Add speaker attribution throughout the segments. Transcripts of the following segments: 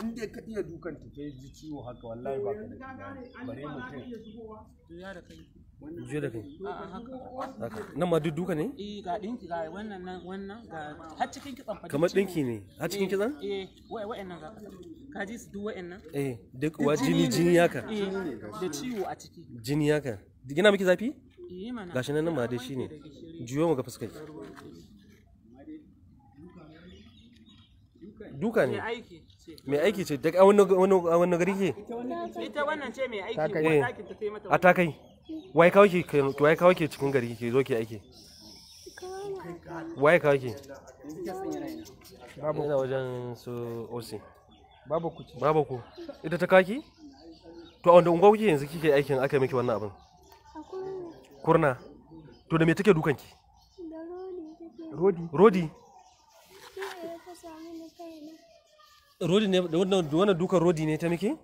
Speaker 1: in dai ka iya dukan ta sai ji ciwo haka wallahi ba ka da bare mu juya da kai juya da kai haka nan ma duk duka ne eh ga dinki ga wannan nan wannan ga har cikin kitsan fa kamar dinki ne har cikin kitsan eh, eh wai wai nan ga ka ji su duk wa'annan eh duk wa jini jini haka eh, da ciwo a ciki jini
Speaker 2: haka gina miki zafi eh, gashi nan nan ma dai ne juyo mu ga fuskar
Speaker 1: duka ne aiki mai aiki ce daga wani gari ke ita wannan ce mai aiki ta kai, a
Speaker 2: wai kawo ke wai kawo ke cikin gari ke zo ke aiki wai kawo ke babu ina wajen su osi babu ku babu ku ita ta kaki to a wanda unguwa kuke yanzu kike aikin aka miki wannan abin kurna to da me take dukanki rodi rodi rodi ne wannan dukan rodi ne ta miki? Eh,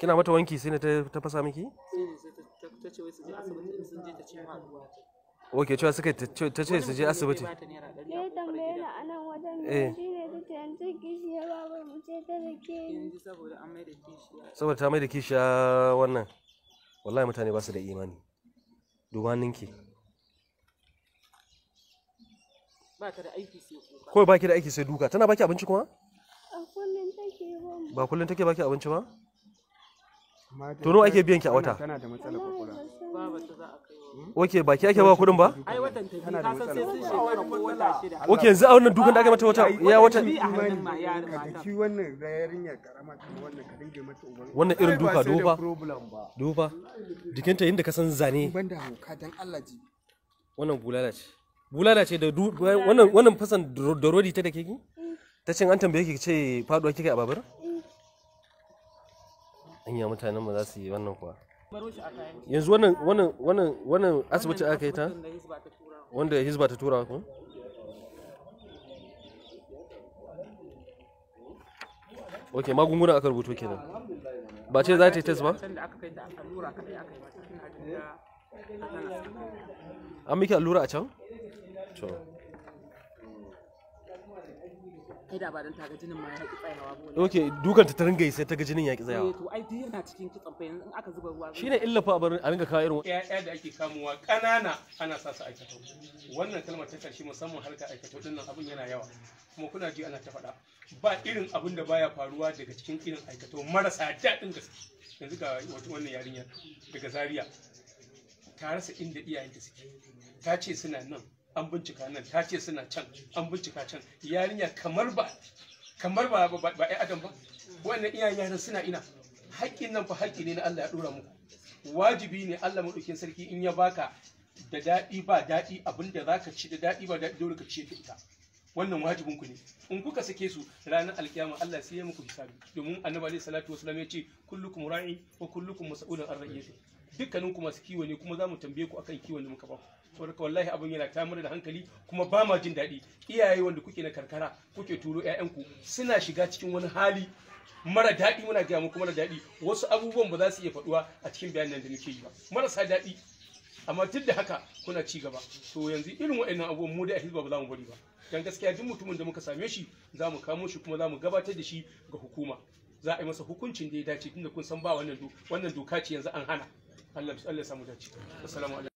Speaker 2: kina mata wanki sai ne ta fasa miki? cewa suka ta ce su je asibiti saboda ta mai da kishiya wannan wallahi mutane ba su da imani dubanin ninki
Speaker 1: Ba da aiki sai kuka. Kawai baki da
Speaker 2: aiki sai duka. Tana baki abinci kuma?
Speaker 1: A kullum take ba. Ba
Speaker 2: kullum take baki abinci ba?
Speaker 1: Tono ake biyan ki a wata? Tana da matsalar kwakwalwa. Baba ta za a kai.
Speaker 2: Hmm? Oke baki ake ba kuɗin ba? Ai watan ta ka san sai sun shekara ko wata shida. Oke yanzu a wannan dukan da aka mata wata ya wata. Ka ki
Speaker 1: wannan yarinya karama ta wannan ka dinga mata uban. Wannan irin duka dofa. Dofa. Jikinta inda ka san
Speaker 2: zane. Ban da hauka dan Allah ji. Wannan bulala ce. bulala ce da wannan wannan fasan da rodi ta da ke ki ta cin an tambaye ki ce faduwa kika a babar anya mutanen mu za su yi wannan kuwa yanzu wannan wannan wannan wannan asibiti aka yi ta wanda hizba ta tura ku ok magunguna aka rubuto kenan ba ce za ta yi test ba an miki allura a can? to
Speaker 1: ba don ta ga jinin ma ya haƙi tsayawa ba ok
Speaker 2: dukan ta ringa yi sai ta ga jinin ya haƙi tsayawa eh to
Speaker 1: ai duk yana cikin kitsan fa yanzu in aka zuba ruwa shine illa
Speaker 2: fa a ringa kawo irin
Speaker 1: ƴaƴa da ake kamuwa ƙanana ana sa su aikata wannan kalmar ta karshe musamman harka aikata din nan abin yana yawa kuma kuna ji ana ta faɗa ba irin abin da baya faruwa daga cikin irin aikata marasa daɗin gaske yanzu ga wannan yarinya daga zaria ta rasa inda iyayenta suke ta ce suna nan an bincika nan ta ce suna can an bincika can yarinya kamar ba kamar ba ba ai adam ba wannan iyayen yaran suna ina haƙƙin nan fa haƙƙi ne na Allah ya dora muku wajibi ne Allah madaukin sarki in ya baka da daɗi ba daɗi abinda zaka ci da daɗi ba daɗi dole ka ci da ita wannan wajibin ku ne in kuka sake su ranar alkiyama Allah sai ya muku hisabi domin annabi sallallahu alaihi wasallam ya ce kullukum ra'i wa kullukum mas'ulun an ra'iyati dukkanin ku masu kiwo ne kuma za mu tambaye ku akan kiwon da muka ba saboda wallahi abin yana ta da hankali kuma ba ma jin daɗi iyaye wanda kuke na karkara kuke turo ku suna shiga cikin wani hali mara daɗi muna gaya muku mara daɗi wasu abubuwan ba za su iya faɗuwa a cikin bayanan da muke yi ba marasa daɗi amma duk da haka kuna ci gaba to yanzu irin waɗannan abubuwan mu da a hizba ba za mu bari ba dan gaskiya duk mutumin da muka same shi za mu kamo shi kuma za mu gabatar da shi ga hukuma za a yi masa hukuncin da ya dace tunda kun san ba wannan doka ce yanzu an hana Allah ya samu dace assalamu